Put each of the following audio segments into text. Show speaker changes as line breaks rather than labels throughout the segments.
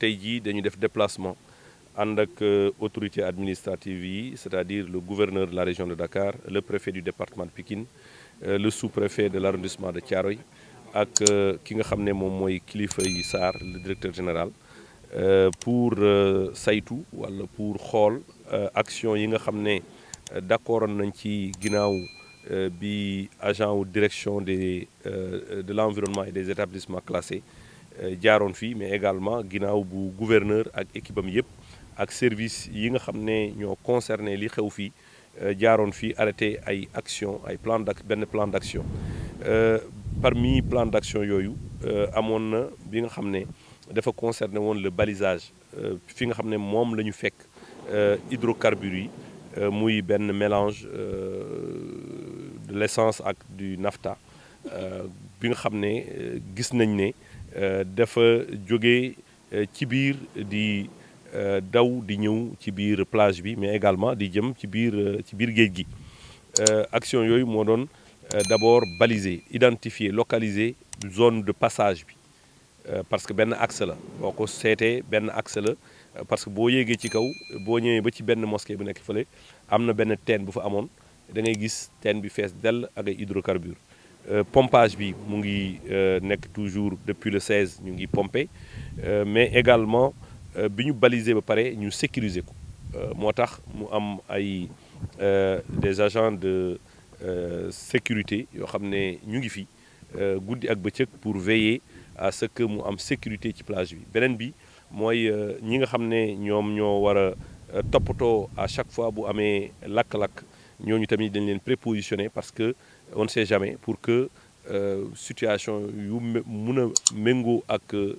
tey jii dañu def déplacement ànd ak euh, autorité administrative yi c'est-à-dire le gouverneur de la région de Dakar le préfet du département de Pikine euh, le sous-préfet de l'arrondissement de Thiaroye ak euh, ki nga xam ne moom mooy kilifay yi Sarr directeur général pour saytu wala pour xool action yi nga xam ne d'accord nañ ci ginnaaw bi agent wu direction des de l'environnement et des établissements classés Euh, jaaroon fii mais également ginnaaw bu gouverneur ak équipe am yëpp ak service yi nga xam ne ñoo concerné li xew fii euh, jaaroon fii arrêté ay action ay plan d' benn plan d' action euh, parmi plan d' action yooyu amoon na bi nga xam ne dafa concerné woon le balisage fi nga xam ne moom la ñu fekk hydrocarbures yi muy benn mélange de l' essence ak du nafta bi nga xam ne gis nañ ne Euh, dafa jóge euh, ci biir di euh, daw di ñëw ci biir plage bi mais également di jëm ci biir ci biir géej gi action yooyu moo doon d'abord baliser identifier localiser zone de passage bi parce que benn axe la boo ko seetee benn axe la parce que boo yéegee ci kaw boo ñëwee ba ci benn mosquée bu nekk fële am na benn teen bu fa amoon dangay gis teen bi fees dell ak ay hydrocarbures Euh, pompage bi mu ngi euh, nekk toujours depuis le 16 ñu ngi pomper euh, mais également bi ñu baliser ba pare ñu sécuriser ko moo tax mu am ay des agents de sécurité yoo xam ne ñu ngi fi guddi ak bëccëg pour veiller à ce que mu am sécurité ci plage bi beneen bi mooy ñi nga xam ne ñoom ñoo war a toppatoo à chaque fois bu amee lakk-lakk ñooñu tamit dañ leen prépositionné parce que on ne sait jamais pour que euh, situation yu mun a méngoo ak euh,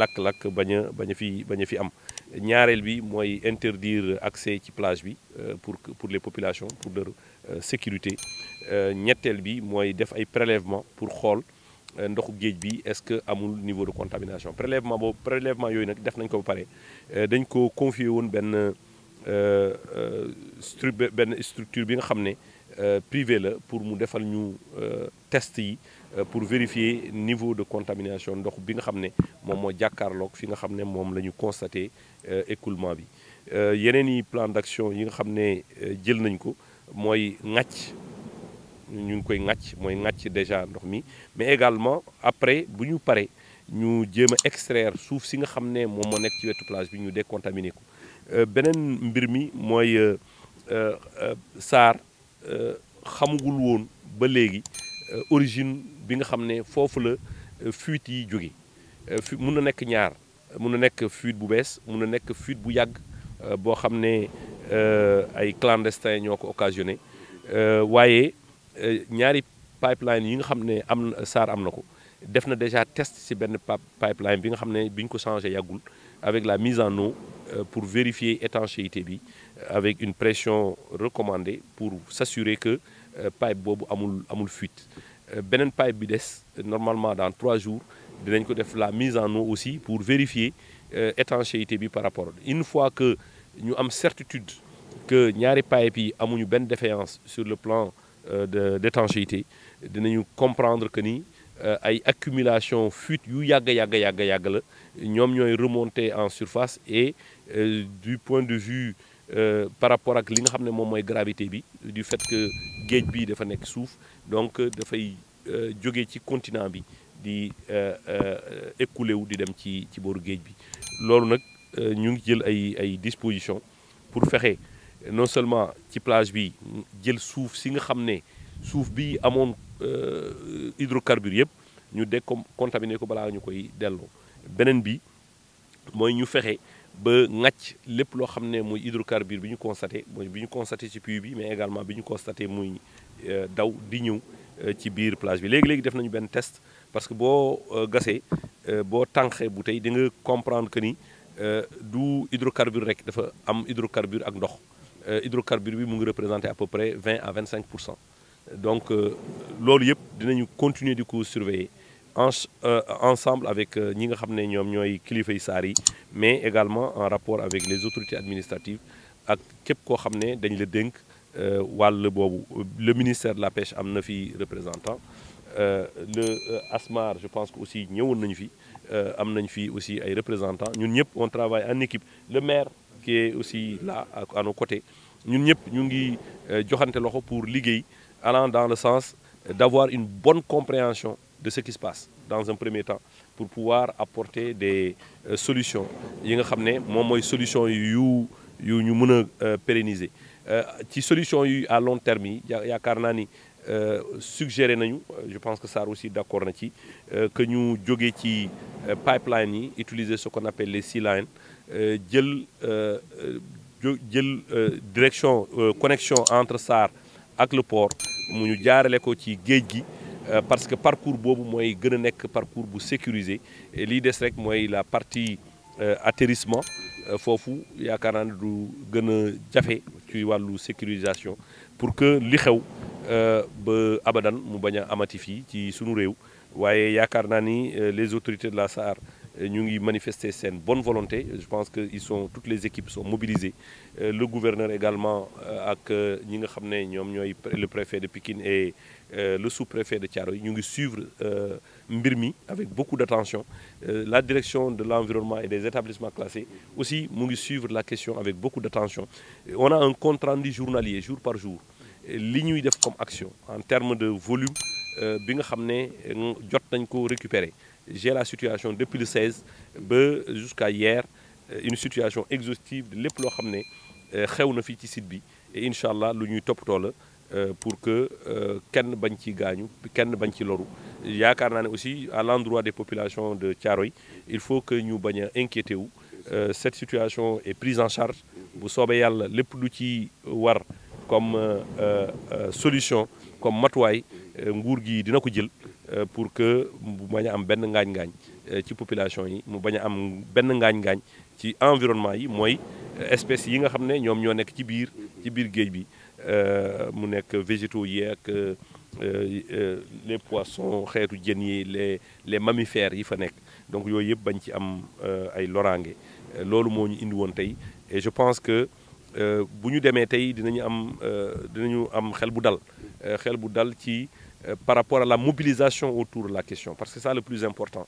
lakk-lakk bañ bañ a fi bañ fi am ñaareel bi mooy interdire accès ci plage bi euh, pour pour les populations pour leur sécurité ñetteel bi mooy def ay prélèvement pour xool ndoxu géej bi est-ce que amul niveau de contamination prélèvement boobu prélèvement yooyu nag def nañ ko ba pare dañ ko confier woon benn stru benn structure bi nga xam ne Euh, privé la pour mu defal ñu euh, test yi euh, pour vérifier niveau de contamination ndox bi nga xam ne moom moo jàkkaarloog fi nga xam ne moom la ñu constaté écoulement bi yeneen yi plan d'action yi nga xam ne jël nañ ko mooy ŋàcc ñu ngi koy ŋàcc mooy ŋàcc déjà ndox mi mais également après bu ñu paree ñu jéem a extraire suuf si nga xam ne moom moo nekk ci wetu plage bi ñu décontaminé ko beneen mbir mi mooy SAR Euh, xamagul woon ba léegi euh, origine bi nga xam ne foofu la euh, fuite yi jóge fi mun na nekk ñaar mun na nekk fuite bu bees mun na nekk fuite bu yàgg boo xam ne ay clandestin ñoo ko occasionné waaye ñaari pipeline yi nga xam ne am SAR am na ko def na déjà test ci benn pipeline bi nga xam ne bi ñu ko changé yàggul avec la mise en eau Euh, pour vérifier étanchéité bi euh, avec une pression recommandée pour s'assurer que euh, pipe boobu amul amul fuite beneen pipe bi des normalement dans trois jours dinañ ko def la mise en eau aussi pour vérifier étanchéité bi par rapport une fois que ñu am certitude que ñaari pipe yi amuñu benn défaillance sur le plan de d'étanchéité dinañu comprendre que ni Euh, ay accumulation fuite yu yàgg yàgg yàgg yàgg la ñoom ñooy remonter en surface et euh, du point de vue euh, par rapport ak li nga xam ne moom mooy gravité bi du fait que géej bi dafa nekk suuf donc dafay jóge ci continent bi di écoulé wu di dem ci ci booru géej bi loolu nag ñu ngi jël ay ay dispositions pour fexe non seulement ci plage bi jël suuf si nga xam ne suuf bi amoon Euh, hydrocarbures yëpp ñu de contaminé ko balaa ñu koy delloo beneen bi mooy ñu fexe ba ŋàcc lépp loo xam ne muy hydrocarbure bi ñu constaté mooy bi ñu constaté ci puits bi mais également bi ñu constaté muy euh, daw di ñëw euh, ci biir plage bi léegi-léegi def nañu benn test parce que boo gasee boo tànqee bu tey di nga comprendre que ni du hydrocarbure rek dafa am hydrocarbure ak ndox hydrocarbure bi mu ngi représenté à peu près vingt à vingt cinq pour cent donc loolu yëpp dinañu continuer di ko surveiller en euh, ensemble avec euh, ñi nga xam ne ñoom ñooy kilifa yi saar yi mais également en rapport avec les autorités administratives ak képp koo xam ne dañ la dénk euh, wàll boobu le ministère de la pêche am na fi représentant le ASMAR je pense que aussi ñëwoon nañu fi am nañu fi aussi ay représentants ñun ñëpp on travaille en équipe le maire qui aussi là à nos côtés ñun ñëpp ñu ngi joxante loxo pour liggéey allant dans le sens d'avoir une bonne compréhension de ce qui se passe dans un premier temps pour pouvoir apporter des euh, solutions yi nga xam ne moom mooy solution yu yu ñu mën a euh, pérenniser euh, ci solution yu à long terme yi yaakaar naa ni suggéré nañu je pense que Sarr aussi d'accord na ci que ñu jógee ci pipeline yi utiliser ce qu'on appelle les sea lines jël jël direction connexion entre Sarr ak le port mu ñu jaarale ko ci géej gi euh, parce que parcours boobu mooy gën a nekk parcours bu sécurisé lii des rek mooy la partie euh, atterrissement euh, foofu yaakaar naa ne du gën a jafe ci wàllu sécurisation pour que li xew ba abadan mu bañ a amati fii ci sunu réew waaye yaakaar naa ni les autorités de la Sarr ñu ngi manifester seen bonne volonté je pense que ils sont toutes les équipes sont mobilisées euh, le gouverneur également euh, ak euh, ñi nga xam ne ñoom ñooy le préfet de Pikine et le sous-préfet de Thiaroye ñu ngi suivre mbir mi avec beaucoup d'attention la direction de l'environnement et des établissements classés aussi mu ngi suivre la question avec beaucoup d'attention on a un compte rendu journalier jour par jour li ñuy def comme action en termes de volume Euh, bi nga xam ne euh, jot nañ ko récupérer j'ai la situation depuis le 16 ba jusqu'à hier euh, une situation exhaustive de lépp loo xam ne xew na fii ci sit bi et incha allah lu ñuy topp toppatoo la pour que kenn bañ ci gaañu kenn bañ ci loru yaakaar naa ne aussi à l'endroit des populations de Thiaroye il faut que ñu bañ a inquiété wu cette situation est prise en charge bu soobee yàlla lépp lu ci war comme euh, euh, euh, solution comme matuwaay nguur gi dina ko jël pour que bu bañ am benn ngaañ-ngaañ ci population yi mu bañ a am benn ngaañ-ngaañ ci environnement yi mooy espèces yi nga xam ne ñoom ñoo nekk ci biir ci biir géej bi mu nekk végétaux yi ak les poissons xeetu jën yi le les mammifères yi fa nekk donc yooyu yëpp bañ ci am ay loraange loolu moo ñu indi woon tey et je pense que Euh, bu ñu demee tey dinañu am euh, dinañu am xel bu dal euh, xel bu dal ci par rapport à la mobilisation autour de la question parce que c'est ça le plus important